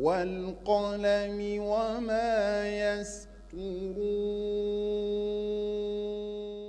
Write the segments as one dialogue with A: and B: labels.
A: والقلم وما يسطرون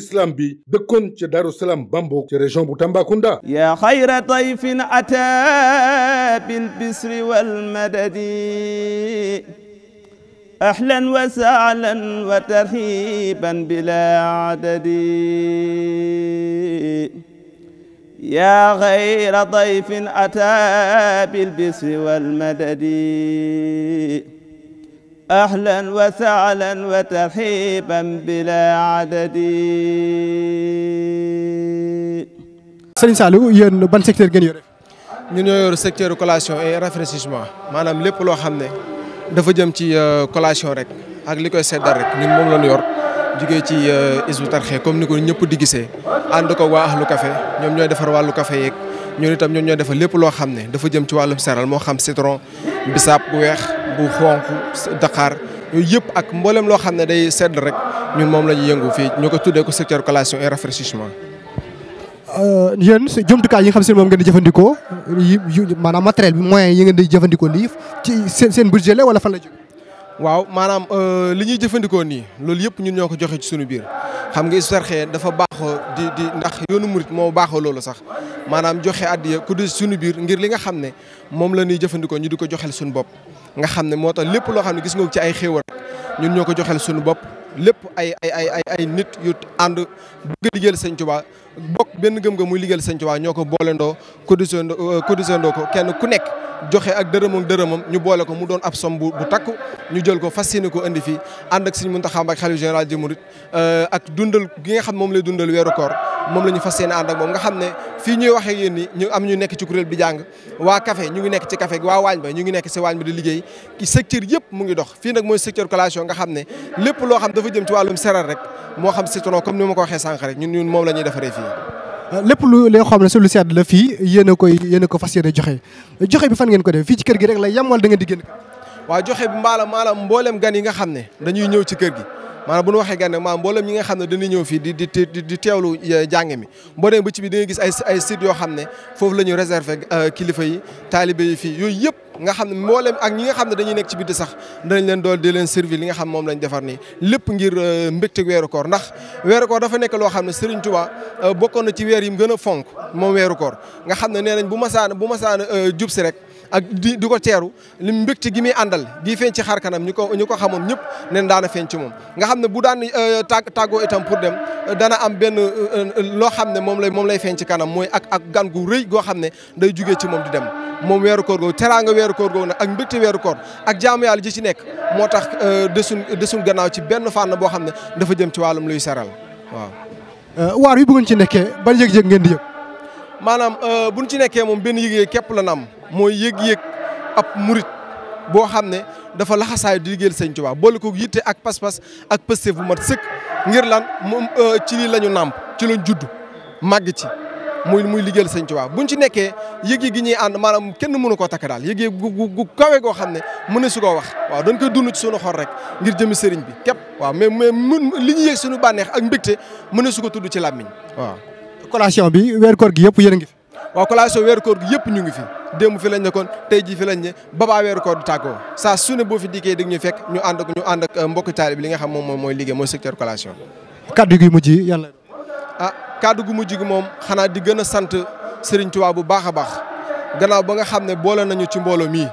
B: l'islam bi dëkkoon ca Daaru Salaam Bambouk ca région bu Tambacounda ya xayra dayfin ata bil bisri wal madadi
C: ahlan wa sahlan wa tarhiban bila adadi yaa xayra dayfin ata bil bisri wal madadi أهلا وسهلا وترحيبا بلا عدد
D: Serigne Saliou yéen ban secteur ngeen yore
A: ñu ñoo yor secteur collation et rafraîchissement lépp loo xam ne dafa jëm ci euh, collation rek ak li koy seddal rek ñun moom lañu yor jugee ci euh, Hizbut Tarqiyyah comme ni ko ñëpp di gisee ànd ko waa ahlu kafe ñoom ñooy defar wàllu café yeeg ñun itam ñoom ñoo defar lépp loo xam ne dafa jëm ci wàllum seral moo xam citron bisaab bu weex bu xonq daqaar yooyu yëpp ak mboolem loo xam ne day sedd rek ñun moom la ñuy yëngu fii ñoo ko tuddee ko secteur collation et rafraîchissement.
D: Euh, yéen si jumtukaay yi nga xam si moom ngeen di jëfandikoo yi maanaam matériel bi moyens yi ngeen di jëfandikoo lii ci seen seen budget la wala fan la jógee.
A: waaw maanaam euh, li ñuy jëfandikoo nii loolu yëpp ñun ñoo ko joxe ci suñu biir xam nga Hizbut-Tarqiyyah dafa baaxoo di di ndax yoonu murit moo baaxoo loolu sax maanaam joxe addiya ku di suñu biir ngir li nga xam ne moom la ñuy jëfandikoo ñu di ko joxel suñu bopp nga xam ne moo tax lépp loo xam ne gis nga ci ay xéewal ñun ñoo ko joxel suñu bopp lépp ay ay ay ay ay nit yu ànd bëgg a liggéeyal sëñ Tuubaa bokk benn gëm-gëm muy liggéeyal sëñ Tuubaa ñoo ko boolendoo cotisendoo euh, cotisendoo ko kenn ku nekk joxe ak dërëmam dërëmam ñu boole ko mu doon ab som bu takku ñu jël ko fas yéene ko indi fii ànd ak sëñ Muntaxa Mbàkke xalifa général des mourides euh, ak dundal gi nga xam moom lay dundal weeru koor moom la ñu fas yéene ànd ak moom nga xam ne fii ñuy waxee yéen ni ñu am ñu nekk ci kuréel bi jàng waa café ñu ngi nekk ci café waa waañ ba ñu ngi nekk si waañ ba di liggéey ki secteur yëpp mu ngi dox fii nag mooy secteur collation nga xam ne lépp loo xam dafa jëm ci wàllum seral rek moo xam citron comme ni ma ko waxee sànq rek ñun ñun moom la ñuy defaree fii
D: lépp lu loo xam ne su lu sedd la fii yéen a koy yéen a ko fas yéene joxe bi fan ngeen ko def fii ci kër gi rek la yam wala da ngeen di génn
A: waaw joxe bi mbaalam maalam mboolem gan yi nga xam ne dañuy ñëw ci kër gi maanaam bu ñu waxee gan nag maanaam mboolem ñi nga xam ne dañuy ñëw fii di di di teewlu jàng mi boo demee ba ci bi da ngay gis ay ay sites yoo xam ne foofu la ñu réservé euh, kilifa yi taalibe yi fii yooyu yëpp nga xam ne mboolem ak ñi nga xam ne dañuy nekk ci biit sax danañ leen dool di leen servir li nga xam moom lañ defar nii lépp ngir euh, mbégte weeru koor ndax weeru koor dafa nekk loo xam ne Serigne Touba euh, bokkoon na ci weer yi mu gën a fonk moom weeru koor nga xam ne nee nañ bu masaan bu masaan jub si rek ak di di ko teeru li mbégte gi muy àndal di feeñ ci xar kanam ñu ko ñu ko xamoon ñëpp nen daana feeñ ci moom nga xam ne bu daan euh, tàggoo itam pour dem euh, dana am benn euh, loo xam ne moom lay moom lay feeñ ci kanam mooy ak ak gan gu rëy goo xam ne day jugee ci moom di dem moom weeru koor googu teraanga weeru koor googu nag ak mbégte weeru koor ak jaamu yàlla ji ci nekk moo tax desuñ desuñ gannaaw ci benn fànn boo xam ne dafa jëm ci wàllum luy saral
D: waaw waar wi bëggoon ci nekkee ba yëg-yëg ngeen di yëg
A: maanaam euh, bu ñu ci nekkee moom benn yëg-yëg képp la nam mooy yëg yéeg ab murit boo xam ne dafa laxasaayu di liggéeyal sëñ Tuubaa boole ko yitte ak pas-pas ak pëste bu mat sëkk ngir lan moom euh, ci lii la ñu nàmp ci lañ judd màgg ci muy muy liggéeyal sëñ Tuubaa buñ ci nekkee yëg-yëg gi ñuy ànd maanaam kenn mënu koo takk daal yëg-yëg gu gu kawe goo xam ne mën na su koo wax waaw dañ koy dund ci sunu xor rek ngir jëmi sëriñ bi képp waaw mais mais li ñu yëg suñu bànneex ak mbégte mën na su tudd ci làmmiñ waaw
D: collation bi weer koor gi yëpp yéen a ngi fi.
A: waaw collation weer koor gi yëpp ñu ngi fi démb fi lañ nekkoon tey jii fi lañ ne babaa weer koor du saa su boo fi dikkee di ñu fekk ñu ànd ak ñu ànd ak uh, mbokk taali bi li nga xam moom mooy liggéey mooy secteur collation.
D: kaddu gi mujj yi yàlla
A: ah kaddu gu mujj gi moom xanaa di gën a sant Serigne Touba bu baax a baax gannaaw ba nga xam ne boole nañu ci mbooloo mii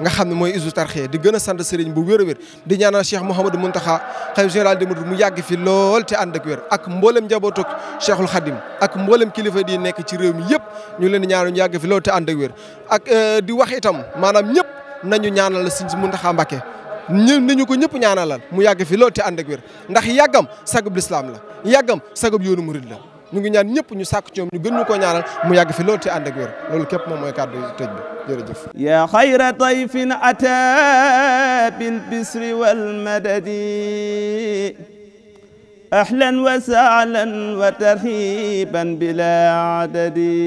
A: nga xam mooy Hizbut Tarqiyyah di gën a sant sëriñ bu wér a wér di ñaanal Cheikh Mouhamadou Mountakha xalifa général des mourides mu yàgg fi lool te ànd ak wér ak mboolem njabootu Cheikhul Khadim ak mboolem kilifa di nekk ci réew mi yëpp ñu leen di ñaanal ñu yàgg fi lool te ànd ak wér euh, di wax itam maanaam ñëpp nañu ñaanal sëriñ Mountakha Mbacké ñu nañu ko ñëpp ñaanalal mu yàgg fi lool te ànd ak wér ndax yàggam sagub lislaam la yàggam sagub yoonu murid la ñu ngi ñaan ñëpp ñu sàkk ci ñoom ñu gën ñu ko ñaanal mu yàgg fi loolu te ànd ak wér
C: loolu képp moom mooy kàddu tëj bi jërëjëf ya xayra tayfin ata bil bisri wa sahlan bila adadi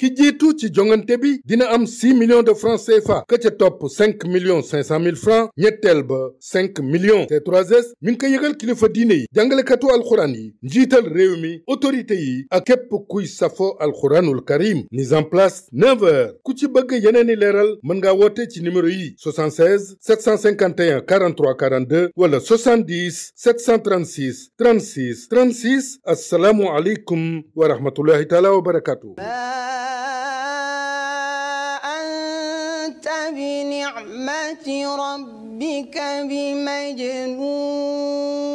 B: ki jiitu ci jongante bi dina am 6 millions de francs CFA ka ca topp 5 millions 500 mille francs ñetteel ba 5 millions c 3 mi ngi ko yëgal kilifa diine yi jàngalekatu alxuraan yi njiital réew mi autorité yi ak képp kuy safo alxuraanul karim ni en place 9 heures ku ci bëgg yeneeni leeral mën ngaa woote ci numéro yi 76 751 43 42 wala 70 736 36 36 assalaamu aleykum wa rahmatullahi taala wa barakatuh
C: بنعمة ربك بمجنون